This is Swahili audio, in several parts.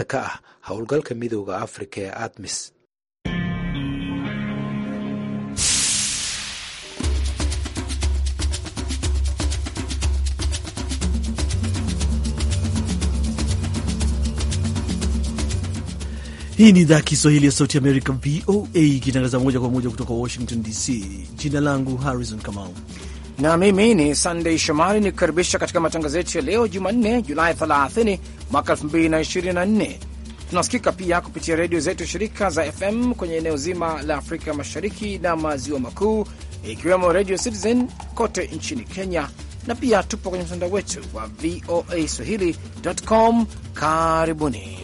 ka ah howlgalka midooda afrika ee admis Hii ni idhaa ya Kiswahili ya Sauti Amerika, VOA, ikitangaza moja kwa moja kutoka Washington DC. Jina langu Harrison Kamau na mimi ni sandey Shomari ni kukaribisha katika matangazo yetu ya leo Jumanne, Julai 30 mwaka 2024. Tunasikika pia kupitia redio zetu shirika za FM kwenye eneo zima la Afrika Mashariki na Maziwa Makuu, ikiwemo Radio Citizen kote nchini Kenya, na pia tupo kwenye mtandao wetu wa VOA Swahili.com. Karibuni.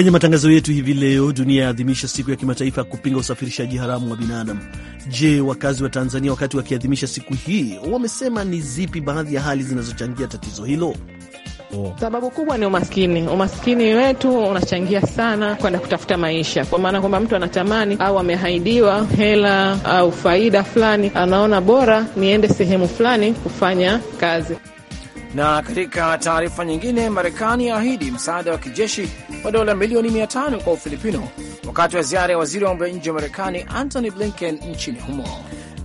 Kwenye matangazo yetu hivi leo, dunia yaadhimisha siku ya kimataifa ya kupinga usafirishaji haramu wa binadamu. Je, wakazi wa Tanzania wakati wakiadhimisha siku hii wamesema ni zipi baadhi ya hali zinazochangia tatizo hilo? Oh. Sababu kubwa ni umaskini. Umaskini wetu unachangia sana kwenda kutafuta maisha, kwa maana kwamba mtu anatamani au amehaidiwa hela au faida fulani, anaona bora niende sehemu fulani kufanya kazi. Na katika taarifa nyingine, Marekani yaahidi msaada wa kijeshi wa dola milioni 5 kwa Ufilipino wakati wa ziara ya waziri wa mambo ya nje wa Marekani Antony Blinken nchini humo.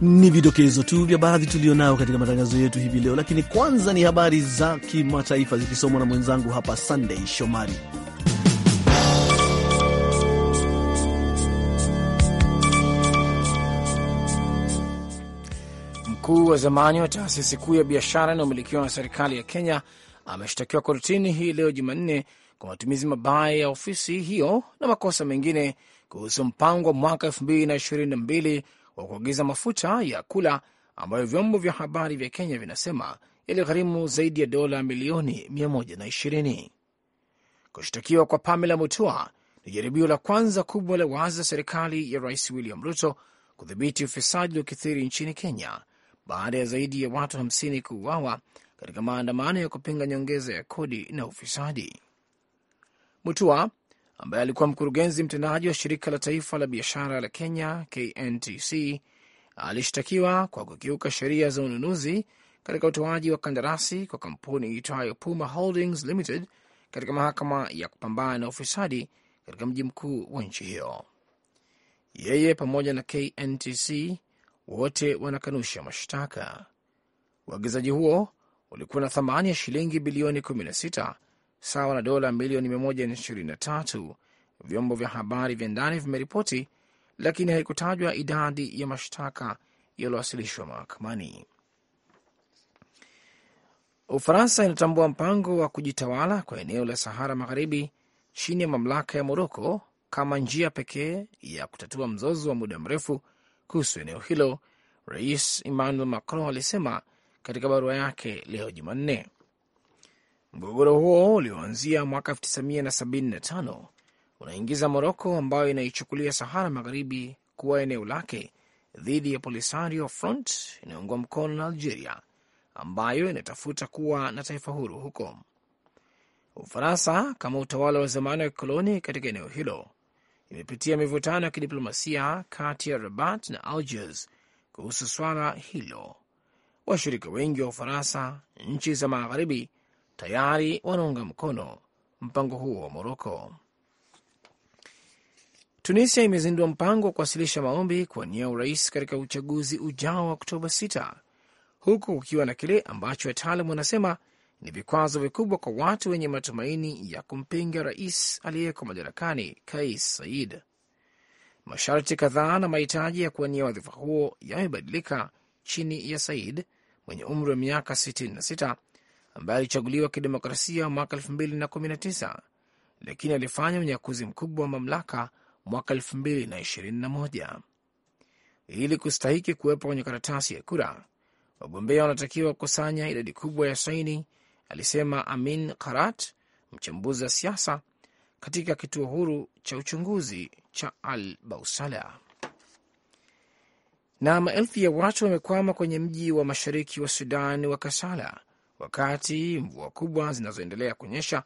Ni vidokezo tu vya baadhi tulionayo katika matangazo yetu hivi leo, lakini kwanza ni habari za kimataifa zikisomwa na mwenzangu hapa Sunday Shomari. mkuu wa zamani wa taasisi kuu ya biashara inayomilikiwa na serikali ya Kenya ameshtakiwa kortini hii leo Jumanne kwa matumizi mabaya ya ofisi hiyo na makosa mengine kuhusu mpango wa mwaka 2022 wa kuagiza mafuta ya kula ambayo vyombo vya habari vya Kenya vinasema yaligharimu zaidi ya dola milioni 120. Kushtakiwa kwa Pamela Mutua ni jaribio la kwanza kubwa la wazi za serikali ya Rais William Ruto kudhibiti ufisadi uliokithiri nchini Kenya baada ya zaidi ya watu hamsini kuuawa katika maandamano ya kupinga nyongeza ya kodi na ufisadi. Mutua ambaye alikuwa mkurugenzi mtendaji wa shirika la taifa la biashara la Kenya KNTC alishtakiwa kwa kukiuka sheria za ununuzi katika utoaji wa kandarasi kwa kampuni iitwayo Puma Holdings Limited katika mahakama ya kupambana na ufisadi katika mji mkuu wa nchi hiyo. Yeye pamoja na KNTC wote wanakanusha mashtaka. Uagizaji huo ulikuwa na thamani ya shilingi bilioni 16 sawa na dola milioni 123, vyombo vya habari vya ndani vimeripoti, lakini haikutajwa idadi ya mashtaka yaliyowasilishwa mahakamani. Ufaransa inatambua mpango wa kujitawala kwa eneo la Sahara Magharibi chini ya mamlaka ya Moroko kama njia pekee ya kutatua mzozo wa muda mrefu kuhusu eneo hilo, Rais Emmanuel Macron alisema katika barua yake leo Jumanne. Mgogoro huo ulioanzia mwaka 1975 unaingiza Moroko ambayo inaichukulia Sahara Magharibi kuwa eneo lake dhidi ya Polisario Front inayoungwa mkono na Algeria ambayo inatafuta kuwa na taifa huru huko. Ufaransa kama utawala wa zamani wa kikoloni katika eneo hilo imepitia mivutano ya kidiplomasia kati ya Rabat na Algiers kuhusu swala hilo. Washirika wengi wa Ufaransa, nchi za Magharibi, tayari wanaunga mkono mpango huo wa Moroko. Tunisia imezindua mpango wa kuwasilisha maombi kuwania urais katika uchaguzi ujao wa Oktoba 6 huku kukiwa na kile ambacho wataalam wanasema ni vikwazo vikubwa kwa watu wenye matumaini ya kumpinga rais aliyeko madarakani Kais said Masharti kadhaa na mahitaji ya kuwania wadhifa huo yamebadilika chini ya Said mwenye umri wa miaka 66 ambaye alichaguliwa kidemokrasia mwaka 2019 lakini alifanya unyakuzi mkubwa wa mamlaka mwaka 2021. Ili kustahiki kuwepo kwenye karatasi ya kura, wagombea wanatakiwa kukusanya idadi kubwa ya saini alisema Amin Karat, mchambuzi wa siasa katika kituo huru cha uchunguzi cha Al Bausala. Na maelfu ya watu wamekwama kwenye mji wa mashariki wa Sudan wa Kasala wakati mvua kubwa zinazoendelea kunyesha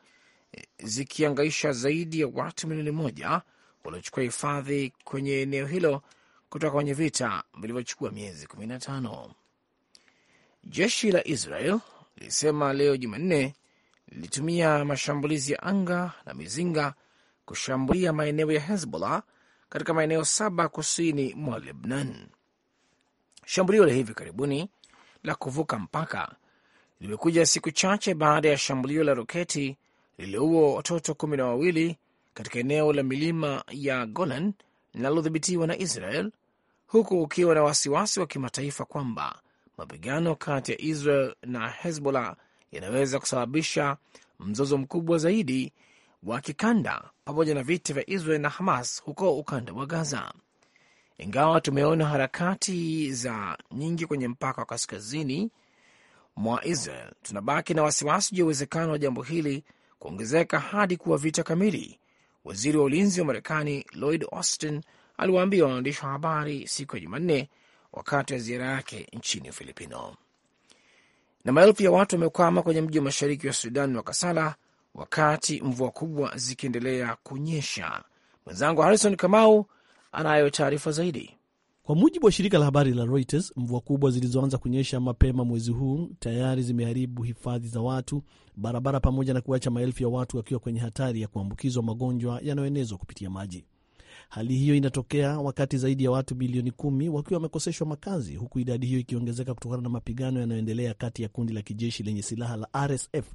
eh, zikiangaisha zaidi ya watu milioni moja waliochukua hifadhi kwenye eneo hilo kutoka kwenye vita vilivyochukua miezi 15. Jeshi la Israel lilisema leo Jumanne lilitumia mashambulizi ya anga na mizinga kushambulia maeneo ya Hezbollah katika maeneo saba kusini mwa Lebnan. Shambulio la hivi karibuni la kuvuka mpaka limekuja siku chache baada ya shambulio la roketi lililoua watoto kumi na wawili katika eneo la milima ya Golan linalodhibitiwa na Israel, huku ukiwa na wasiwasi wa kimataifa kwamba mapigano kati ya Israel na Hezbollah yanaweza kusababisha mzozo mkubwa zaidi wa kikanda pamoja na vita vya Israel na Hamas huko ukanda wa Gaza. Ingawa tumeona harakati za nyingi kwenye mpaka wa kaskazini mwa Israel, tunabaki na wasiwasi juu ya uwezekano wa jambo hili kuongezeka hadi kuwa vita kamili. Waziri wa ulinzi wa Marekani Lloyd Austin aliwaambia waandishi wa habari siku ya Jumanne wakati wa ziara yake nchini Ufilipino. Na maelfu ya watu wamekwama kwenye mji wa mashariki wa Sudan wa Kasala wakati mvua kubwa zikiendelea kunyesha. Mwenzangu Harrison Kamau anayo taarifa zaidi. Kwa mujibu wa shirika la habari la Reuters, mvua kubwa zilizoanza kunyesha mapema mwezi huu tayari zimeharibu hifadhi za watu, barabara, pamoja na kuacha maelfu ya watu wakiwa kwenye hatari ya kuambukizwa magonjwa yanayoenezwa kupitia maji. Hali hiyo inatokea wakati zaidi ya watu bilioni kumi wakiwa wamekoseshwa makazi, huku idadi hiyo ikiongezeka kutokana na mapigano yanayoendelea kati ya kundi la kijeshi lenye silaha la RSF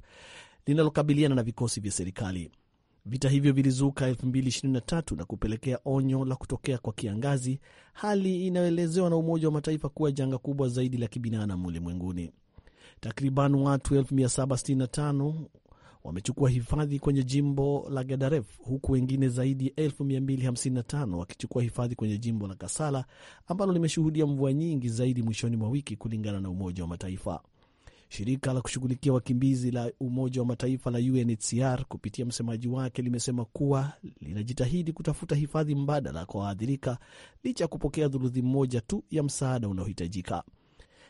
linalokabiliana na vikosi vya serikali. Vita hivyo vilizuka 2023 na kupelekea onyo la kutokea kwa kiangazi, hali inayoelezewa na Umoja wa Mataifa kuwa janga kubwa zaidi la kibinadamu ulimwenguni. Takriban watu 765 wamechukua hifadhi kwenye jimbo la Gadaref huku wengine zaidi ya 255 wakichukua hifadhi kwenye jimbo la Kasala ambalo limeshuhudia mvua nyingi zaidi mwishoni mwa wiki kulingana na Umoja wa Mataifa. Shirika la kushughulikia wakimbizi la Umoja wa Mataifa la UNHCR kupitia msemaji wake limesema kuwa linajitahidi kutafuta hifadhi mbadala kwa waathirika licha ya kupokea dhuluthi moja tu ya msaada unaohitajika.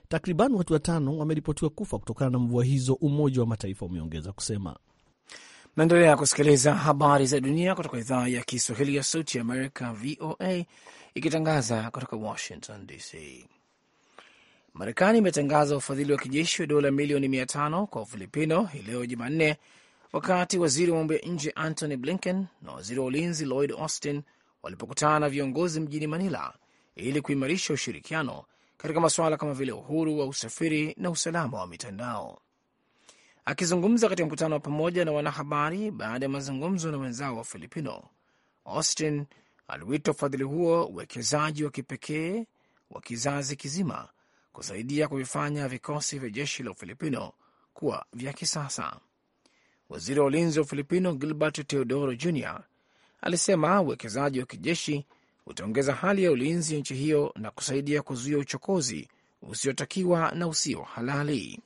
Takriban watu watano wameripotiwa kufa kutokana na mvua hizo, Umoja wa Mataifa umeongeza kusema. Naendelea kusikiliza habari za dunia kutoka idhaa ya Kiswahili ya Sauti ya Amerika, VOA, ikitangaza kutoka Washington DC. Marekani imetangaza ufadhili wa kijeshi wa dola milioni mia tano kwa Ufilipino hii leo Jumanne, wakati waziri wa mambo ya nje Antony Blinken na waziri wa ulinzi Lloyd Austin walipokutana na viongozi mjini Manila ili kuimarisha ushirikiano katika masuala kama vile uhuru wa usafiri na usalama wa mitandao. Akizungumza katika mkutano wa pamoja na wanahabari baada ya mazungumzo na wenzao wa Filipino, Austin aliwita ufadhili huo uwekezaji wa kipekee wa kizazi kizima kusaidia kuvifanya vikosi vya jeshi la Ufilipino kuwa vya kisasa. Waziri wa ulinzi wa Ufilipino Gilbert Teodoro Jr alisema uwekezaji wa kijeshi utaongeza hali ya ulinzi ya nchi hiyo na kusaidia kuzuia uchokozi usiotakiwa na usio halali.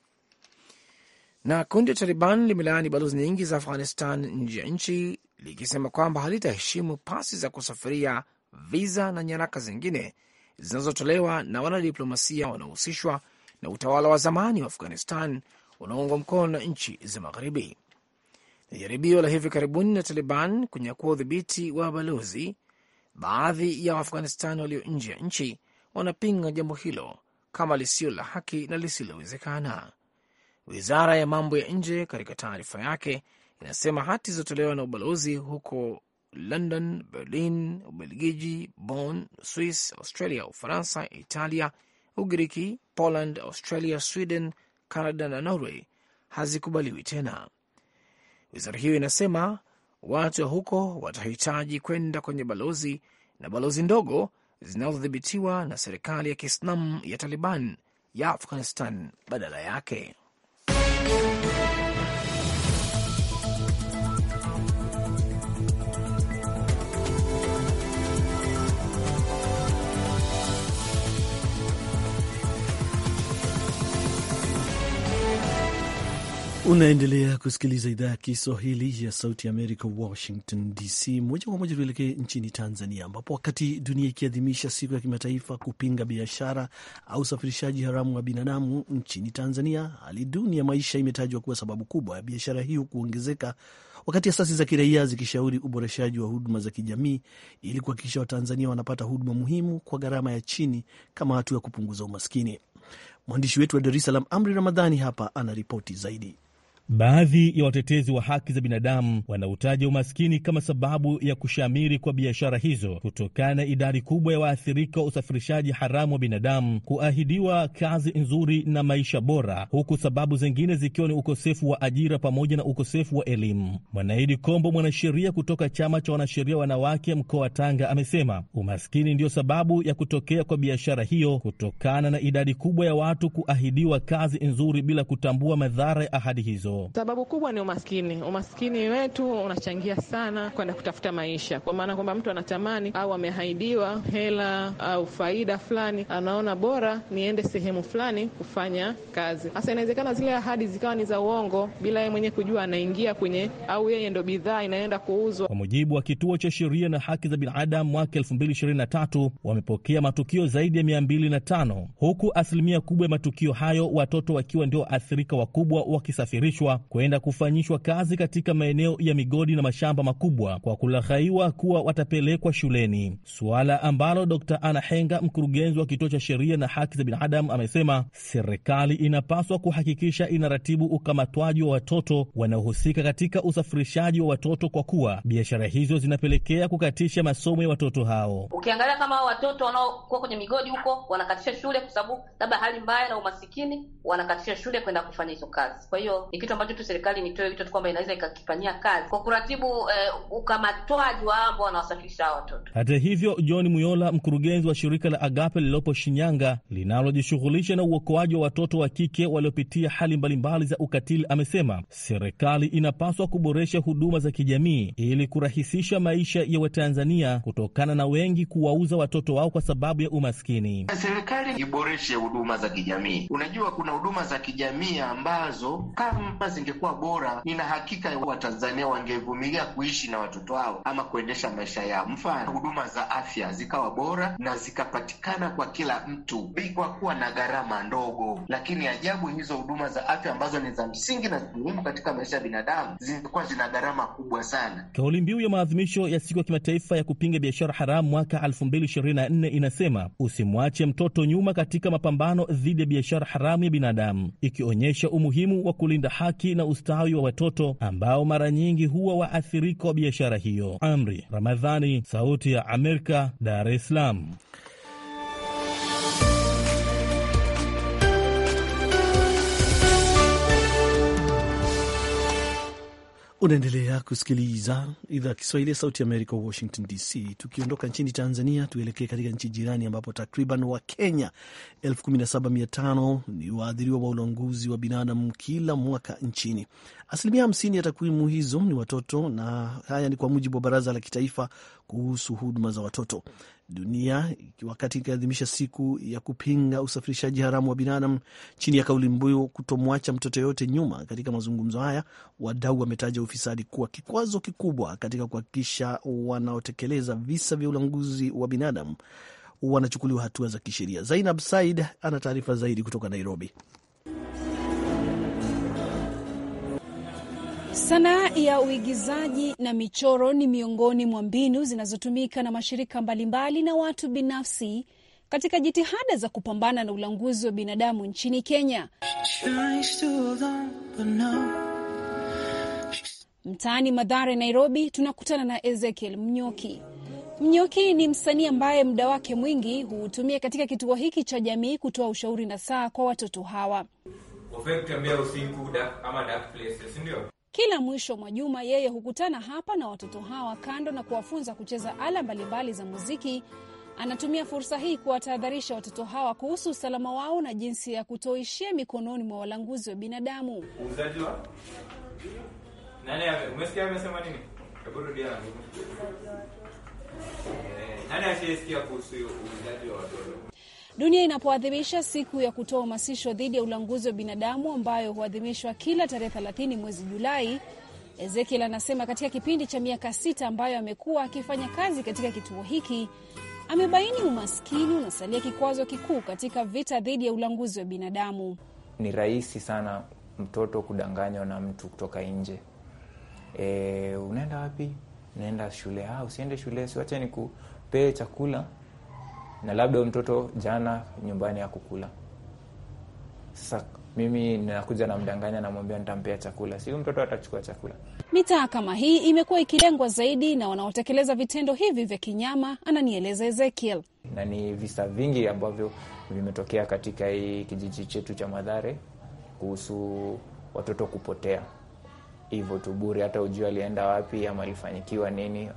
Na kundi la Taliban limelaani balozi nyingi za Afghanistan nje ya nchi likisema kwamba halitaheshimu pasi za kusafiria, viza na nyaraka zingine zinazotolewa na wanadiplomasia wanaohusishwa na utawala wa zamani wa Afghanistan unaoungwa mkono na nchi za Magharibi. Na jaribio la hivi karibuni na Taliban kunyakua udhibiti wa balozi Baadhi ya Waafghanistan walio nje ya nchi wanapinga jambo hilo kama lisilo la haki na lisilowezekana. Wizara ya mambo ya nje katika taarifa yake inasema hati zilizotolewa na ubalozi huko London, Berlin, Ubelgiji, Bonn, Swiss, Australia, Ufaransa, Italia, Ugiriki, Poland, Australia, Sweden, Canada na Norway hazikubaliwi tena. Wizara hiyo inasema watu wa huko watahitaji kwenda kwenye balozi na balozi ndogo zinazodhibitiwa na serikali ya Kiislamu ya Taliban ya Afghanistan badala yake. Unaendelea kusikiliza idhaa ya Kiswahili ya Sauti ya Amerika, Washington DC. Moja kwa moja tuelekee nchini Tanzania, ambapo wakati dunia ikiadhimisha siku ya kimataifa kupinga biashara au usafirishaji haramu wa binadamu, nchini Tanzania hali duni ya maisha imetajwa kuwa sababu kubwa ya biashara hiyo kuongezeka, wakati asasi za kiraia zikishauri uboreshaji wa huduma za kijamii ili kuhakikisha Watanzania wanapata huduma muhimu kwa gharama ya chini kama hatua ya kupunguza umaskini. Mwandishi wetu wa Dar es Salaam, Amri Ramadhani, hapa anaripoti zaidi. Baadhi ya watetezi wa haki za binadamu wanautaja umaskini kama sababu ya kushamiri kwa biashara hizo kutokana na idadi kubwa ya waathirika wa usafirishaji haramu wa binadamu kuahidiwa kazi nzuri na maisha bora, huku sababu zingine zikiwa ni ukosefu wa ajira pamoja na ukosefu wa elimu. Mwanaidi Kombo, mwanasheria kutoka chama cha wanasheria wanawake mkoa wa Tanga, amesema umaskini ndiyo sababu ya kutokea kwa biashara hiyo kutokana na idadi kubwa ya watu kuahidiwa kazi nzuri bila kutambua madhara ya ahadi hizo huo? Sababu kubwa ni umaskini. Umaskini wetu unachangia sana kwenda kutafuta maisha, kwa maana kwamba mtu anatamani au amehaidiwa hela au faida fulani, anaona bora niende sehemu fulani kufanya kazi. Hasa inawezekana zile ahadi zikawa ni za uongo, bila yeye mwenyewe kujua, anaingia kwenye au yeye ndo bidhaa inaenda kuuzwa. Kwa mujibu wa Kituo cha Sheria na Haki za Binadamu, mwaka tatu wamepokea matukio zaidi ya tano huku asilimia kubwa ya matukio hayo watoto wakiwa ndio waathirika wakubwa wakisafirishwa kuchukuliwa kwenda kufanyishwa kazi katika maeneo ya migodi na mashamba makubwa kwa kulaghaiwa kuwa watapelekwa shuleni, suala ambalo Dr. ana Henga, mkurugenzi wa kituo cha sheria na haki za binadamu, amesema serikali inapaswa kuhakikisha inaratibu ukamatwaji wa watoto wanaohusika katika usafirishaji wa watoto kwa kuwa biashara hizo zinapelekea kukatisha masomo ya watoto hao. Ukiangalia kama watoto wanaokuwa kwenye migodi huko wanakatisha shule kwa sababu labda hali mbaya na umasikini, wanakatisha shule kwenda kufanya hizo kazi. Kwa hiyo kitu ambacho tu serikali nitoe wito tu kwamba inaweza ikakifanyia kazi kwa kuratibu eh, ukamatwaji wa ambao wanawasafirisha hao watoto. Hata hivyo, John Muyola, mkurugenzi wa shirika la Agape lililopo Shinyanga linalojishughulisha na uokoaji wa watoto wa kike waliopitia hali mbalimbali za ukatili, amesema serikali inapaswa kuboresha huduma za kijamii ili kurahisisha maisha ya Watanzania kutokana na wengi kuwauza watoto wao kwa sababu ya umaskini. Serikali iboreshe huduma za kijamii. Unajua, kuna huduma za kijamii ambazo kama Nyumba zingekuwa bora, nina hakika Watanzania wangevumilia kuishi na watoto wao ama kuendesha maisha yao. Mfano, huduma za afya zikawa bora na zikapatikana kwa kila mtu bikwa kuwa na gharama ndogo. Lakini ajabu, hizo huduma za afya ambazo ni za msingi na muhimu katika maisha ya binadamu zimekuwa zina gharama kubwa sana. Kauli mbiu ya maadhimisho ya siku ya kimataifa ya kupinga biashara haramu mwaka 2024 inasema usimwache mtoto nyuma katika mapambano dhidi ya biashara haramu ya binadamu, ikionyesha umuhimu wa kulinda haki haki na ustawi wa watoto ambao mara nyingi huwa waathirika wa biashara hiyo. Amri Ramadhani, Sauti ya Amerika, Dar es Salaam. Unaendelea kusikiliza idhaa Kiswahili ya Sauti Amerika, Washington DC. Tukiondoka nchini Tanzania, tuelekee katika nchi jirani ambapo takriban Wakenya 17500 ni waathiriwa wa ulanguzi wa binadamu kila mwaka nchini. Asilimia hamsini ya takwimu hizo ni watoto, na haya ni kwa mujibu wa Baraza la Kitaifa kuhusu huduma za watoto dunia wakati ikiadhimisha siku ya kupinga usafirishaji haramu wa binadamu chini ya kauli mbiu kutomwacha mtoto yoyote nyuma. Katika mazungumzo haya, wadau wametaja ufisadi kuwa kikwazo kikubwa katika kuhakikisha wanaotekeleza visa vya ulanguzi wa binadamu wanachukuliwa hatua za kisheria. Zainab Said ana taarifa zaidi kutoka Nairobi. Sanaa ya uigizaji na michoro ni miongoni mwa mbinu zinazotumika na mashirika mbalimbali na watu binafsi katika jitihada za kupambana na ulanguzi wa binadamu nchini Kenya. Mtaani Madhare, Nairobi, tunakutana na Ezekiel Mnyoki. Mnyoki ni msanii ambaye muda wake mwingi huutumia katika kituo hiki cha jamii kutoa ushauri na saa kwa watoto hawa. Kila mwisho mwa juma yeye hukutana hapa na watoto hawa, kando na kuwafunza kucheza ala mbalimbali za muziki anatumia fursa hii kuwatahadharisha watoto hawa kuhusu usalama wao na jinsi ya kutoishia mikononi mwa walanguzi wa binadamu. nani? Eh, nani asiyesikia kuhusu uuzaji wa watoto? Dunia inapoadhimisha siku ya kutoa uhamasisho dhidi ya ulanguzi wa binadamu ambayo huadhimishwa kila tarehe 30 mwezi Julai, Ezekiel anasema katika kipindi cha miaka sita ambayo amekuwa akifanya kazi katika kituo hiki amebaini umaskini unasalia kikwazo kikuu katika vita dhidi ya ulanguzi wa binadamu. Ni rahisi sana mtoto kudanganywa na mtu kutoka nje. E, unaenda wapi? Unaenda shule? Ah, usiende shule, siwache nikupee chakula na labda mtoto jana nyumbani hakukula. Sasa mimi nakuja namdanganya, namwambia nitampea chakula, si mtoto atachukua chakula. Mitaa kama hii imekuwa ikilengwa zaidi na wanaotekeleza vitendo hivi vya kinyama, ananieleza Ezekiel. Na ni visa vingi ambavyo vimetokea katika hii kijiji chetu cha Madhare kuhusu watoto kupotea hivyo tu bure, hata ujue alienda wapi ama alifanyikiwa nini.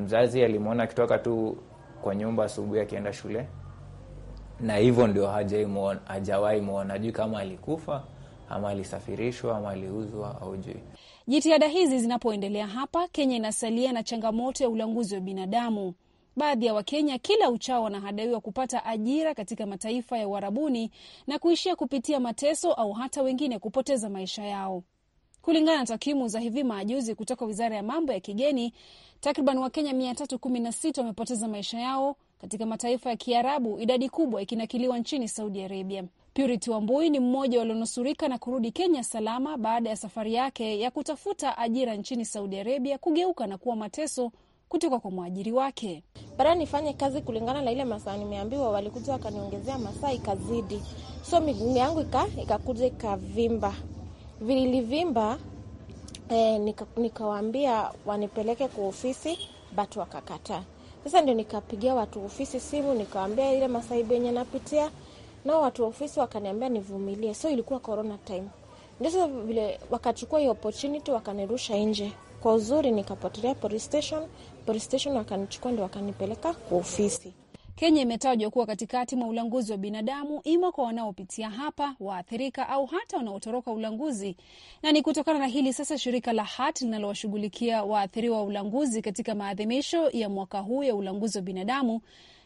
Mzazi alimwona akitoka tu kwa nyumba asubuhi akienda shule, na hivyo ndio hajawahi mwona, ajui kama alikufa ama alisafirishwa ama aliuzwa au jui. Jitihada hizi zinapoendelea hapa Kenya inasalia na changamoto ya ulanguzi wa binadamu. Baadhi ya Wakenya kila uchao wanahadaiwa kupata ajira katika mataifa ya uharabuni na kuishia kupitia mateso au hata wengine kupoteza maisha yao. Kulingana na takwimu za hivi majuzi kutoka wizara ya mambo ya kigeni, takriban Wakenya 316 wamepoteza maisha yao katika mataifa ya Kiarabu, idadi kubwa ikinakiliwa nchini Saudi Arabia. Purity Wambui ni mmoja walionusurika na kurudi Kenya salama baada ya safari yake ya kutafuta ajira nchini Saudi Arabia kugeuka na kuwa mateso kutoka kwa mwajiri wake. Bara nifanye kazi kulingana na ile masaa nimeambiwa, walikuja wakaniongezea masaa ikazidi, so miguu yangu ikakuja ikavimba vililivimba e, eh, nikawaambia nika wanipeleke kwa ofisi batu wakakataa. Sasa ndio nikapigia watu ofisi simu nikawaambia ile masaibu yenye napitia, nao watu wa ofisi wakaniambia nivumilie. So ilikuwa corona time, ndio sasa vile wakachukua hiyo opportunity wakanirusha nje. Kwa uzuri nikapotelea police station, police station wakanichukua ndio wakanipeleka kwa ofisi. Kenya imetajwa kuwa katikati mwa ulanguzi wa binadamu, ima kwa wanaopitia hapa, waathirika au hata wanaotoroka ulanguzi. Na ni kutokana na hili sasa shirika la HAT linalowashughulikia waathiriwa wa ulanguzi katika maadhimisho ya mwaka huu ya ulanguzi wa binadamu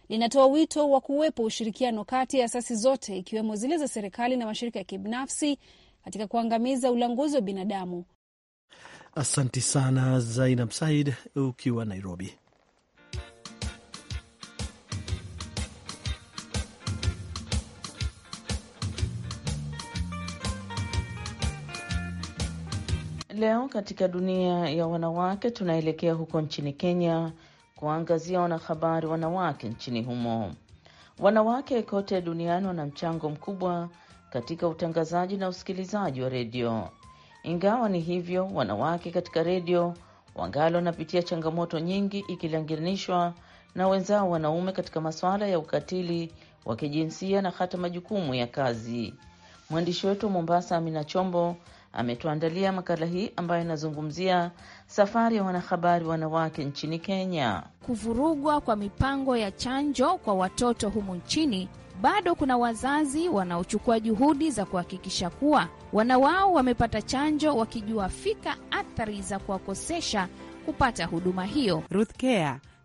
linatoa wito wa kuwepo ushirikiano kati ya asasi zote ikiwemo zile za serikali na mashirika ya kibinafsi katika kuangamiza ulanguzi wa binadamu. Asanti sana Zainab Said ukiwa Nairobi. leo katika dunia ya wanawake, tunaelekea huko nchini Kenya kuwaangazia wanahabari wanawake nchini humo. Wanawake kote duniani wana mchango mkubwa katika utangazaji na usikilizaji wa redio. Ingawa ni hivyo, wanawake katika redio wangali wanapitia changamoto nyingi ikilinganishwa na wenzao wanaume katika masuala ya ukatili wa kijinsia na hata majukumu ya kazi. Mwandishi wetu wa Mombasa, Amina Chombo, ametuandalia makala hii ambayo inazungumzia safari ya wanahabari wanawake nchini Kenya. Kuvurugwa kwa mipango ya chanjo kwa watoto humu nchini, bado kuna wazazi wanaochukua juhudi za kuhakikisha kuwa wana wao wamepata chanjo, wakijua fika athari za kuwakosesha kupata huduma hiyo. Ruth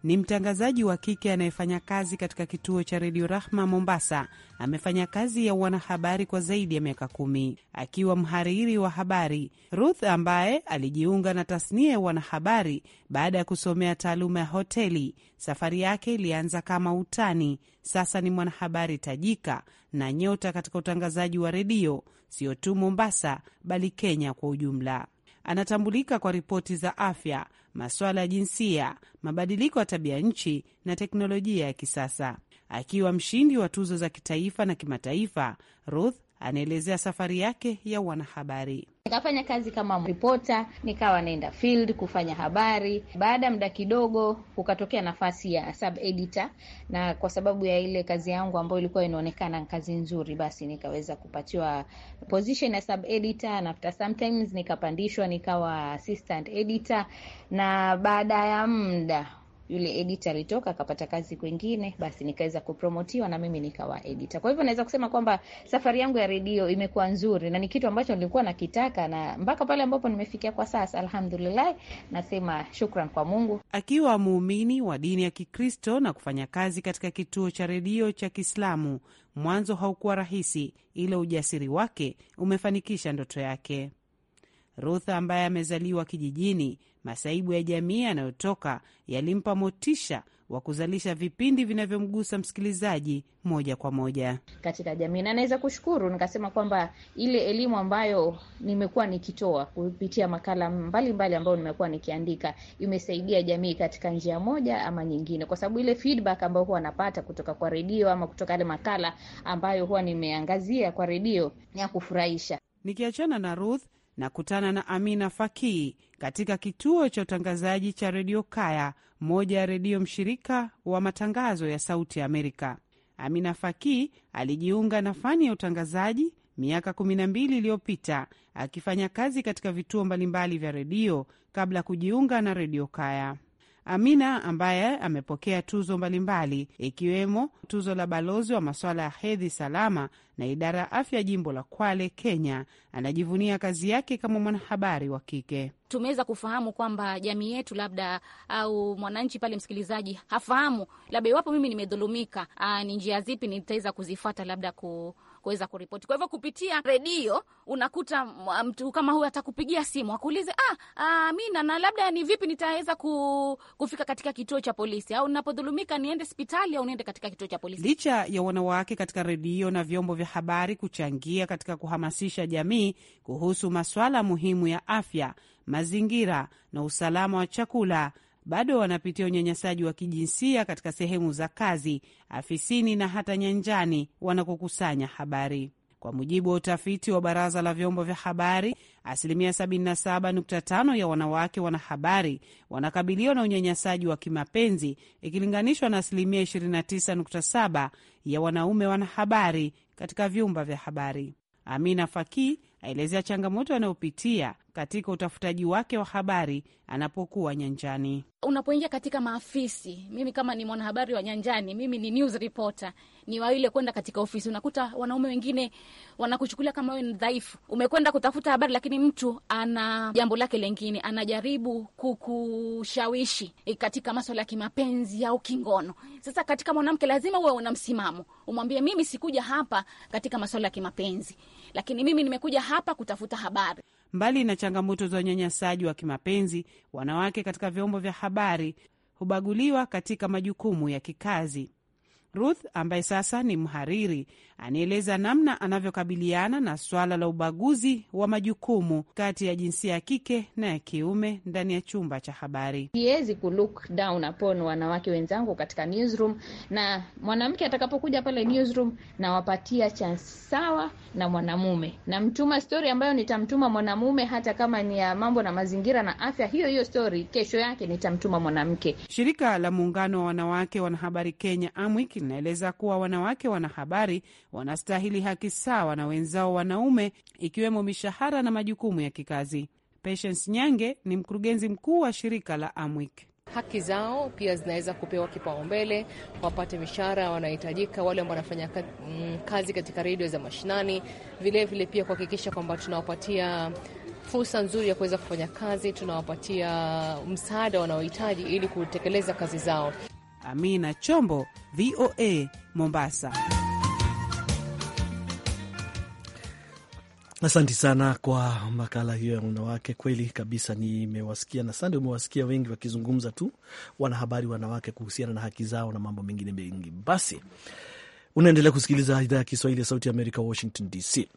ni mtangazaji wa kike anayefanya kazi katika kituo cha redio Rahma Mombasa. Amefanya kazi ya wanahabari kwa zaidi ya miaka kumi akiwa mhariri wa habari. Ruth ambaye alijiunga na tasnia ya wanahabari baada ya kusomea taaluma ya hoteli, safari yake ilianza kama utani. Sasa ni mwanahabari tajika na nyota katika utangazaji wa redio, sio tu Mombasa bali Kenya kwa ujumla. Anatambulika kwa ripoti za afya masuala ya jinsia, mabadiliko ya tabia nchi na teknolojia ya kisasa. Akiwa mshindi wa tuzo za kitaifa na kimataifa, Ruth anaelezea safari yake ya wanahabari. Nikafanya kazi kama ripota, nikawa naenda field kufanya habari. Baada ya muda kidogo, kukatokea nafasi ya sub editor, na kwa sababu ya ile kazi yangu ambayo ilikuwa inaonekana kazi nzuri, basi nikaweza kupatiwa position ya sub editor, na after sometimes nikapandishwa nikawa assistant editor, na baada ya muda yule edita alitoka akapata kazi kwengine, basi nikaweza kupromotiwa na mimi nikawa editor. Kwa hivyo naweza kusema kwamba safari yangu ya redio imekuwa nzuri na ni kitu ambacho nilikuwa nakitaka, na mpaka pale ambapo nimefikia kwa sasa, alhamdulillah, nasema shukran kwa Mungu. Akiwa muumini wa dini ya Kikristo na kufanya kazi katika kituo cha redio cha Kiislamu, mwanzo haukuwa rahisi, ila ujasiri wake umefanikisha ndoto yake. ruth ambaye amezaliwa kijijini masaibu ya jamii yanayotoka yalimpa motisha wa kuzalisha vipindi vinavyomgusa msikilizaji moja kwa moja katika jamii, na naweza kushukuru nikasema kwamba ile elimu ambayo nimekuwa nikitoa kupitia makala mbalimbali ambayo nimekuwa nikiandika imesaidia jamii katika njia moja ama nyingine, kwa sababu ile feedback ambayo huwa napata kutoka kwa redio ama kutoka yale makala ambayo huwa nimeangazia kwa redio ni ya kufurahisha. Nikiachana na Ruth na kutana na Amina Fakii katika kituo cha utangazaji cha redio Kaya, moja ya redio mshirika wa matangazo ya Sauti Amerika. Amina faki alijiunga na fani ya utangazaji miaka 12 iliyopita akifanya kazi katika vituo mbalimbali vya redio kabla ya kujiunga na redio Kaya. Amina ambaye amepokea tuzo mbalimbali ikiwemo tuzo la balozi wa masuala ya hedhi salama na idara ya afya jimbo la Kwale, Kenya, anajivunia kazi yake kama mwanahabari wa kike. Tumeweza kufahamu kwamba jamii yetu labda au mwananchi pale msikilizaji hafahamu labda, iwapo mimi nimedhulumika, ah, ni njia zipi nitaweza kuzifuata labda ku kuweza kuripoti. Kwa hivyo kupitia redio unakuta mtu kama huyu atakupigia simu akuulize, ah, ah, Amina, na labda ni vipi nitaweza ku, kufika katika kituo cha polisi, au ninapodhulumika niende hospitali au niende katika kituo cha polisi. Licha ya wanawake katika redio na vyombo vya habari kuchangia katika kuhamasisha jamii kuhusu masuala muhimu ya afya, mazingira na usalama wa chakula bado wanapitia unyanyasaji wa kijinsia katika sehemu za kazi, afisini na hata nyanjani wanakokusanya habari. Kwa mujibu wa utafiti wa Baraza la Vyombo vya Habari, asilimia 77.5 ya wanawake wanahabari wanakabiliwa na unyanyasaji wa kimapenzi ikilinganishwa na asilimia 29.7 ya wanaume wanahabari katika vyumba vya habari. Amina Faki aelezea changamoto anayopitia katika utafutaji wake wa habari anapokuwa nyanjani. Unapoingia katika maafisi, mimi kama ni mwanahabari wa nyanjani, mimi ni news reporter, ni waile kwenda katika ofisi, unakuta wanaume wengine wanakuchukulia kama wewe ni dhaifu, umekwenda kutafuta habari, lakini mtu ana jambo lake lengine, anajaribu kukushawishi e, katika maswala ya kimapenzi au kingono. Sasa katika mwanamke lazima uwe una msimamo, umwambie mimi sikuja hapa katika maswala ya kimapenzi, lakini mimi nimekuja hapa kutafuta habari. Mbali na changamoto za unyanyasaji wa kimapenzi, wanawake katika vyombo vya habari hubaguliwa katika majukumu ya kikazi. Ruth ambaye sasa ni mhariri anaeleza namna anavyokabiliana na swala la ubaguzi wa majukumu kati ya jinsia ya kike na ya kiume ndani ya chumba cha habari. Siwezi kulook down upon wanawake wenzangu katika newsroom, na mwanamke atakapokuja pale newsroom nawapatia chance sawa na mwanamume. Namtuma stori ambayo nitamtuma mwanamume, hata kama ni ya mambo na mazingira na afya, hiyo hiyo stori kesho yake nitamtuma mwanamke. Shirika la muungano wa wanawake wanahabari Kenya, AMWIK, linaeleza kuwa wanawake wanahabari wanastahili haki sawa na wenzao wanaume, ikiwemo mishahara na majukumu ya kikazi. Patience Nyange ni mkurugenzi mkuu wa shirika la Amwik. Haki zao pia zinaweza kupewa kipaumbele, wapate mishahara wanahitajika, wale ambao wanafanya mm, kazi katika redio za mashinani, vilevile vile pia kuhakikisha kwamba tunawapatia fursa nzuri ya kuweza kufanya kazi, tunawapatia msaada wanaohitaji ili kutekeleza kazi zao. Amina Chombo, VOA, Mombasa. Asante sana kwa makala hiyo ya wanawake. Kweli kabisa, nimewasikia na sande, umewasikia wengi wakizungumza tu, wanahabari wanawake, kuhusiana na haki zao na mambo mengine mengi. Basi unaendelea kusikiliza idhaa ya Kiswahili ya Sauti ya Amerika, Washington DC.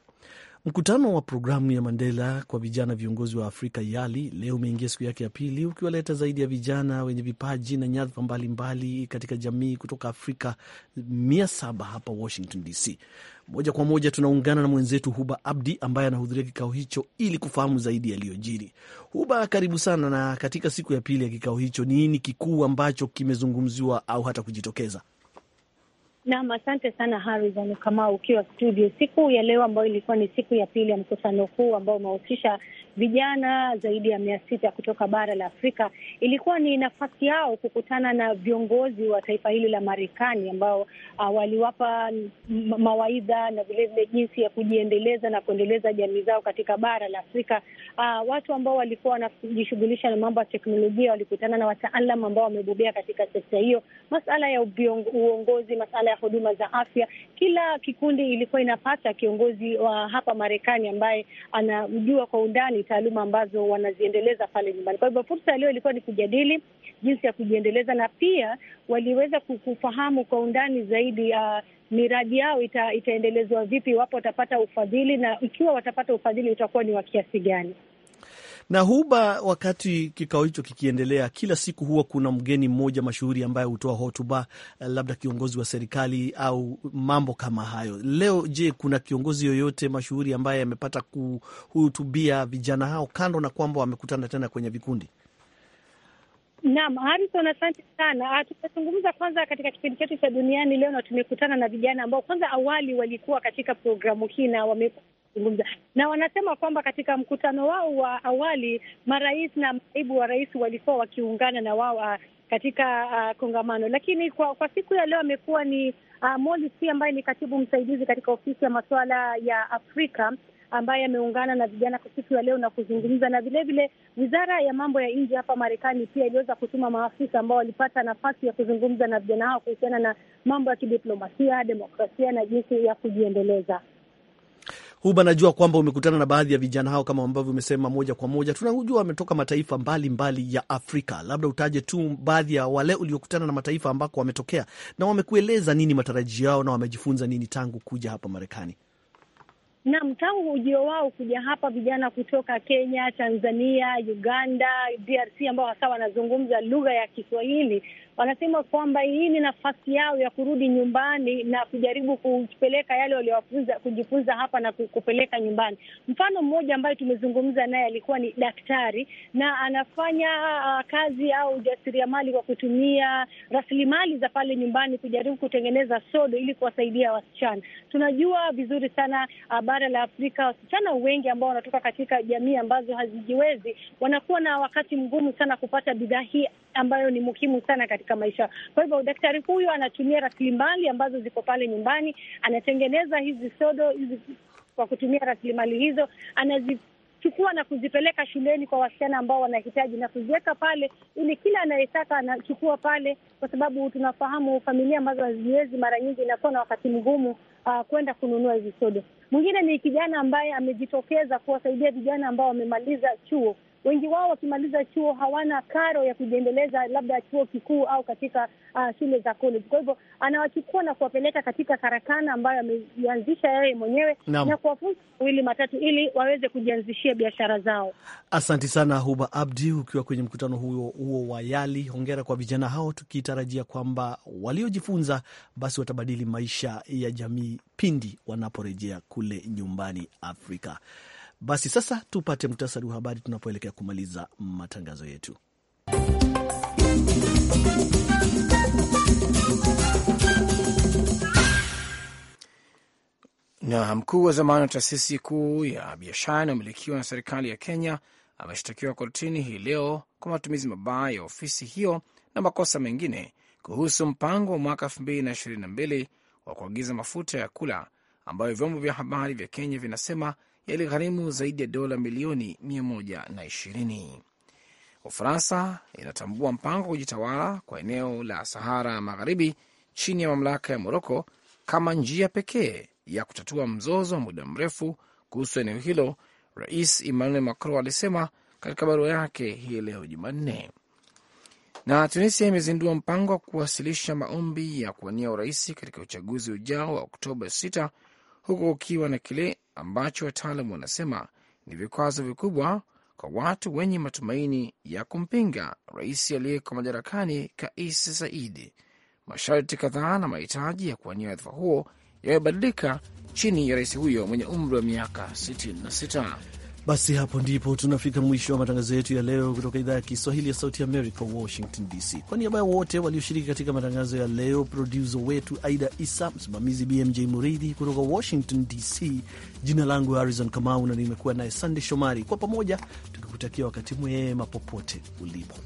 Mkutano wa programu ya Mandela kwa vijana viongozi wa Afrika YALI leo umeingia siku yake ya pili ukiwaleta zaidi ya vijana wenye vipaji na nyadhifa mbalimbali katika jamii kutoka Afrika mia saba hapa Washington DC. Moja kwa moja tunaungana na mwenzetu Huba Abdi ambaye anahudhuria kikao hicho ili kufahamu zaidi yaliyojiri. Huba, karibu sana. Na katika siku ya pili ya kikao hicho, nini kikuu ambacho kimezungumziwa au hata kujitokeza? Naam, asante sana Harrison Kamau ukiwa studio. Siku ya leo ambayo ilikuwa ni siku ya pili ya mkutano huu ambao umehusisha vijana zaidi ya mia sita kutoka bara la Afrika. Ilikuwa ni nafasi yao kukutana na viongozi wa taifa hili la Marekani ambao uh, waliwapa mawaidha na vilevile jinsi ya kujiendeleza na kuendeleza jamii zao katika bara la Afrika. Uh, watu ambao walikuwa wanajishughulisha na mambo ya teknolojia walikutana na wataalam ambao wamebobea katika sekta hiyo, masala ya uongozi, masala ya huduma za afya. Kila kikundi ilikuwa inapata kiongozi wa hapa Marekani ambaye anajua kwa undani taaluma ambazo wanaziendeleza pale nyumbani. Kwa hivyo fursa ya leo ilikuwa ni kujadili jinsi ya kujiendeleza, na pia waliweza kufahamu kwa undani zaidi ya uh, miradi yao ita, itaendelezwa vipi, iwapo watapata ufadhili, na ikiwa watapata ufadhili utakuwa ni wa kiasi gani. Na huba, wakati kikao hicho kikiendelea, kila siku huwa kuna mgeni mmoja mashuhuri ambaye hutoa hotuba, eh, labda kiongozi wa serikali au mambo kama hayo. Leo je, kuna kiongozi yoyote mashuhuri ambaye amepata kuhutubia vijana hao, kando na kwamba wamekutana tena kwenye vikundi? Naam, Harison, asante sana. Ah, Tutazungumza kwanza katika kipindi chetu cha duniani leo, na tumekutana na vijana ambao kwanza awali walikuwa katika programu hii na wamekuwa kuzungumza, na wanasema kwamba katika mkutano wao wa awali marais na maibu wa rais walikuwa wakiungana na wao ah, katika uh, kongamano, lakini kwa kwa siku ya leo amekuwa ni uh, ah, Molisi ambaye ni katibu msaidizi katika ofisi ya masuala ya Afrika ambaye ameungana na vijana kwa siku ya leo na kuzungumza, na vilevile wizara ya mambo ya nje hapa Marekani pia iliweza kutuma maafisa ambao walipata nafasi ya kuzungumza na vijana hao kuhusiana na mambo ya kidiplomasia, demokrasia na jinsi ya kujiendeleza. Huba, najua kwamba umekutana na baadhi ya vijana hao kama ambavyo umesema moja kwa moja. Tunajua wametoka mataifa mbalimbali mbali ya Afrika, labda utaje tu baadhi ya wale uliokutana na mataifa ambako wametokea na wamekueleza nini matarajio yao na wamejifunza nini tangu kuja hapa Marekani? Naam, tangu ujio wao kuja hapa, vijana kutoka Kenya, Tanzania, Uganda, DRC ambao hasa wanazungumza lugha ya Kiswahili wanasema kwamba hii ni nafasi yao ya kurudi nyumbani na kujaribu kupeleka yale waliowafunza kujifunza hapa na kupeleka nyumbani. Mfano mmoja ambaye tumezungumza naye alikuwa ni daktari na anafanya uh, kazi au ujasiriamali kwa kutumia rasilimali za pale nyumbani kujaribu kutengeneza sodo ili kuwasaidia wasichana. Tunajua vizuri sana uh, bara la Afrika, wasichana wengi ambao wanatoka katika jamii ambazo hazijiwezi wanakuwa na wakati mgumu sana kupata bidhaa hii ambayo ni muhimu sana katika maisha. Kwa hivyo daktari huyu anatumia rasilimali ambazo ziko pale nyumbani, anatengeneza hizi sodo hizi kwa kutumia rasilimali hizo, anazi chukua na kuzipeleka shuleni kwa wasichana ambao wanahitaji na kuziweka pale, ili kila anayetaka anachukua pale, kwa sababu tunafahamu familia ambazo haziwezi mara nyingi inakuwa na wakati mgumu uh, kwenda kununua hizi sodo. Mwingine ni kijana ambaye amejitokeza kuwasaidia vijana ambao wamemaliza chuo wengi wao wakimaliza chuo hawana karo ya kujiendeleza, labda chuo kikuu au katika uh, shule za college. Kwa hivyo anawachukua na kuwapeleka katika karakana ambayo ameianzisha yeye mwenyewe na, na kuwafunza mawili matatu ili waweze kujianzishia biashara zao. Asanti sana Huba Abdi, ukiwa kwenye mkutano huo huo wa YALI. Hongera kwa vijana hao, tukitarajia kwamba waliojifunza basi watabadili maisha ya jamii pindi wanaporejea kule nyumbani Afrika. Basi sasa tupate muhtasari wa habari tunapoelekea kumaliza matangazo yetu. Na mkuu wa zamani wa taasisi kuu ya biashara inayomilikiwa na serikali ya Kenya ameshtakiwa kortini hii leo kwa matumizi mabaya ya ofisi hiyo na makosa mengine kuhusu mpango wa mwaka 2022 wa kuagiza mafuta ya kula ambayo vyombo vya habari vya Kenya vinasema yaligharimu zaidi ya dola milioni 120. Ufaransa inatambua mpango wa kujitawala kwa eneo la Sahara Magharibi chini ya mamlaka ya Moroko kama njia pekee ya kutatua mzozo wa muda mrefu kuhusu eneo hilo, Rais Emmanuel Macron alisema katika barua yake hii leo Jumanne. Na Tunisia imezindua mpango wa kuwasilisha maombi ya kuwania urais katika uchaguzi ujao wa Oktoba 6 huku ukiwa na kile ambacho wataalam wanasema ni vikwazo vikubwa kwa watu wenye matumaini ya kumpinga rais aliyeko madarakani Kais Saidi. Masharti kadhaa na mahitaji ya kuwania wadhifa huo yamebadilika chini ya rais huyo mwenye umri wa miaka 66. Basi hapo ndipo tunafika mwisho wa matangazo yetu ya leo kutoka idhaa ya Kiswahili ya Sauti America, Washington DC. Kwa niaba ya wote walioshiriki katika matangazo ya leo, produsa wetu Aida Isa, msimamizi BMJ Muridhi kutoka Washington DC, jina langu Harrison Kamau na nimekuwa naye Sande Shomari, kwa pamoja tukikutakia wakati mwema popote ulipo.